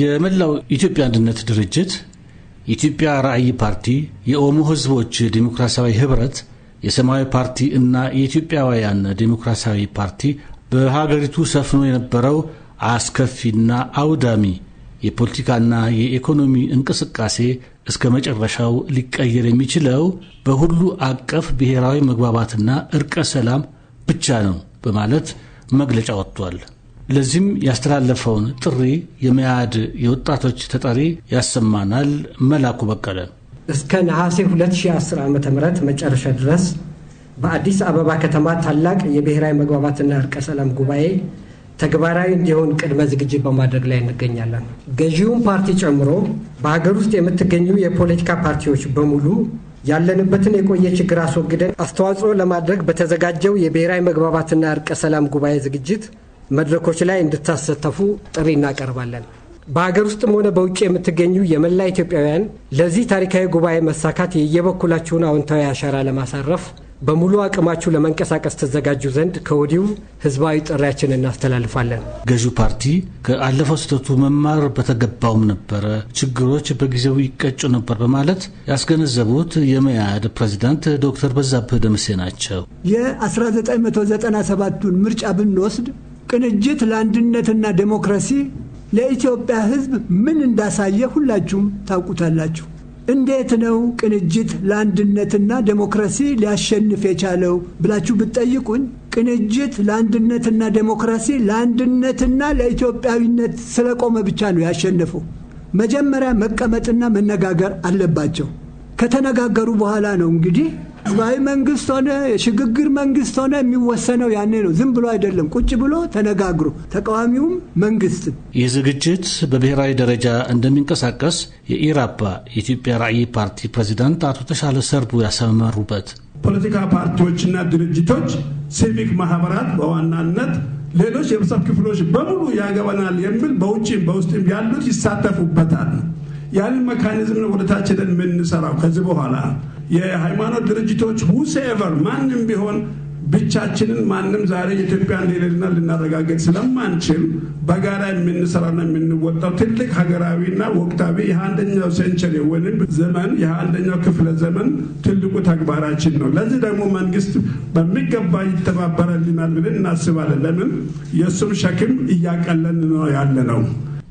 የመላው ኢትዮጵያ አንድነት ድርጅት፣ የኢትዮጵያ ራዕይ ፓርቲ፣ የኦሞ ህዝቦች ዴሞክራሲያዊ ህብረት፣ የሰማያዊ ፓርቲ እና የኢትዮጵያውያን ዴሞክራሲያዊ ፓርቲ በሀገሪቱ ሰፍኖ የነበረው አስከፊና አውዳሚ የፖለቲካና የኢኮኖሚ እንቅስቃሴ እስከ መጨረሻው ሊቀየር የሚችለው በሁሉ አቀፍ ብሔራዊ መግባባትና እርቀ ሰላም ብቻ ነው በማለት መግለጫ ወጥቷል። ለዚህም ያስተላለፈውን ጥሪ የመያድ የወጣቶች ተጠሪ ያሰማናል። መላኩ በቀለ እስከ ነሐሴ 2010 ዓ ም መጨረሻ ድረስ በአዲስ አበባ ከተማ ታላቅ የብሔራዊ መግባባትና እርቀ ሰላም ጉባኤ ተግባራዊ እንዲሆን ቅድመ ዝግጅት በማድረግ ላይ እንገኛለን። ገዢውን ፓርቲ ጨምሮ በሀገር ውስጥ የምትገኙ የፖለቲካ ፓርቲዎች በሙሉ ያለንበትን የቆየ ችግር አስወግደን አስተዋጽኦ ለማድረግ በተዘጋጀው የብሔራዊ መግባባትና እርቀ ሰላም ጉባኤ ዝግጅት መድረኮች ላይ እንድታሳተፉ ጥሪ እናቀርባለን። በሀገር ውስጥም ሆነ በውጭ የምትገኙ የመላ ኢትዮጵያውያን ለዚህ ታሪካዊ ጉባኤ መሳካት የየበኩላችሁን አዎንታዊ አሻራ ለማሳረፍ በሙሉ አቅማችሁ ለመንቀሳቀስ ተዘጋጁ ዘንድ ከወዲሁ ህዝባዊ ጥሪያችን እናስተላልፋለን። ገዢው ፓርቲ ከአለፈው ስህተቱ መማር በተገባውም ነበረ፣ ችግሮች በጊዜው ይቀጩ ነበር በማለት ያስገነዘቡት የመያድ ፕሬዚዳንት ዶክተር በዛብህ ደምሴ ናቸው። የ1997ቱን ምርጫ ብንወስድ ቅንጅት ለአንድነትና ዴሞክራሲ ለኢትዮጵያ ሕዝብ ምን እንዳሳየ ሁላችሁም ታውቁታላችሁ። እንዴት ነው ቅንጅት ለአንድነትና ዴሞክራሲ ሊያሸንፍ የቻለው ብላችሁ ብትጠይቁኝ ቅንጅት ለአንድነትና ዴሞክራሲ ለአንድነትና ለኢትዮጵያዊነት ስለቆመ ብቻ ነው ያሸነፈው። መጀመሪያ መቀመጥና መነጋገር አለባቸው። ከተነጋገሩ በኋላ ነው እንግዲህ ህዝባዊ መንግስት ሆነ የሽግግር መንግስት ሆነ የሚወሰነው ያኔ ነው። ዝም ብሎ አይደለም፣ ቁጭ ብሎ ተነጋግሮ ተቃዋሚውም መንግስት ይህ ዝግጅት በብሔራዊ ደረጃ እንደሚንቀሳቀስ የኢራፓ የኢትዮጵያ ራዕይ ፓርቲ ፕሬዚዳንት አቶ ተሻለ ሰርቡ ያሰመሩበት ፖለቲካ ፓርቲዎችና ድርጅቶች፣ ሲቪክ ማህበራት በዋናነት ሌሎች የህብረተሰብ ክፍሎች በሙሉ ያገባናል የሚል በውጭም በውስጥም ያሉት ይሳተፉበታል። ያንን መካኒዝም ነው ወደታችንን የምንሰራው ከዚህ በኋላ የሃይማኖት ድርጅቶች ሁሴቨር ማንም ቢሆን ብቻችንን ማንም ዛሬ ኢትዮጵያ እንደሌለና ልናረጋግጥ ስለማንችል በጋራ የምንሰራና የምንወጣው ትልቅ ሀገራዊና ወቅታዊ የአንደኛው ሴንቸሪ ወይም ዘመን የአንደኛው ክፍለ ዘመን ትልቁ ተግባራችን ነው። ለዚህ ደግሞ መንግስት በሚገባ ይተባበረልናል ብለን እናስባለን። ለምን የእሱም ሸክም እያቀለን ነው ያለ ነው።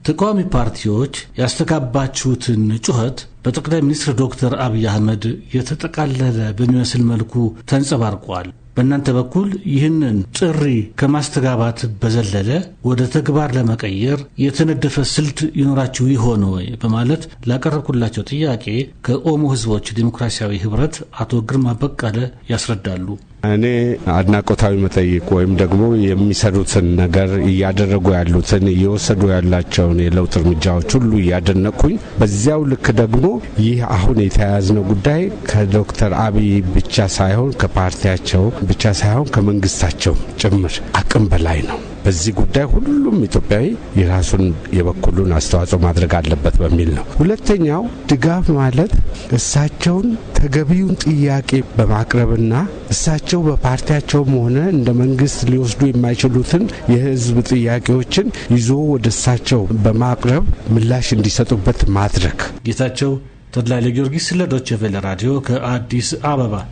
ተቃዋሚ ፓርቲዎች ያስተጋባችሁትን ጩኸት በጠቅላይ ሚኒስትር ዶክተር አብይ አህመድ የተጠቃለለ በሚመስል መልኩ ተንጸባርቋል። በእናንተ በኩል ይህንን ጥሪ ከማስተጋባት በዘለለ ወደ ተግባር ለመቀየር የተነደፈ ስልት ይኖራችሁ ይሆን ወይ? በማለት ላቀረብኩላቸው ጥያቄ ከኦሞ ሕዝቦች ዴሞክራሲያዊ ህብረት አቶ ግርማ በቃለ ያስረዳሉ። እኔ አድናቆታዊ መጠይቅ ወይም ደግሞ የሚሰሩትን ነገር እያደረጉ ያሉትን እየወሰዱ ያላቸውን የለውጥ እርምጃዎች ሁሉ እያደነቅኩኝ፣ በዚያው ልክ ደግሞ ይህ አሁን የተያያዝነው ጉዳይ ከዶክተር አብይ ብቻ ሳይሆን ከፓርቲያቸው ብቻ ሳይሆን ከመንግስታቸው ጭምር አቅም በላይ ነው። በዚህ ጉዳይ ሁሉም ኢትዮጵያዊ የራሱን የበኩሉን አስተዋጽኦ ማድረግ አለበት በሚል ነው። ሁለተኛው ድጋፍ ማለት እሳቸውን ተገቢውን ጥያቄ በማቅረብና እሳቸው በፓርቲያቸውም ሆነ እንደ መንግስት ሊወስዱ የማይችሉትን የህዝብ ጥያቄዎችን ይዞ ወደ እሳቸው በማቅረብ ምላሽ እንዲሰጡበት ማድረግ ጌታቸው ተድላ ለጊዮርጊስ ለዶቼ ቬለ ራዲዮ ከአዲስ አበባ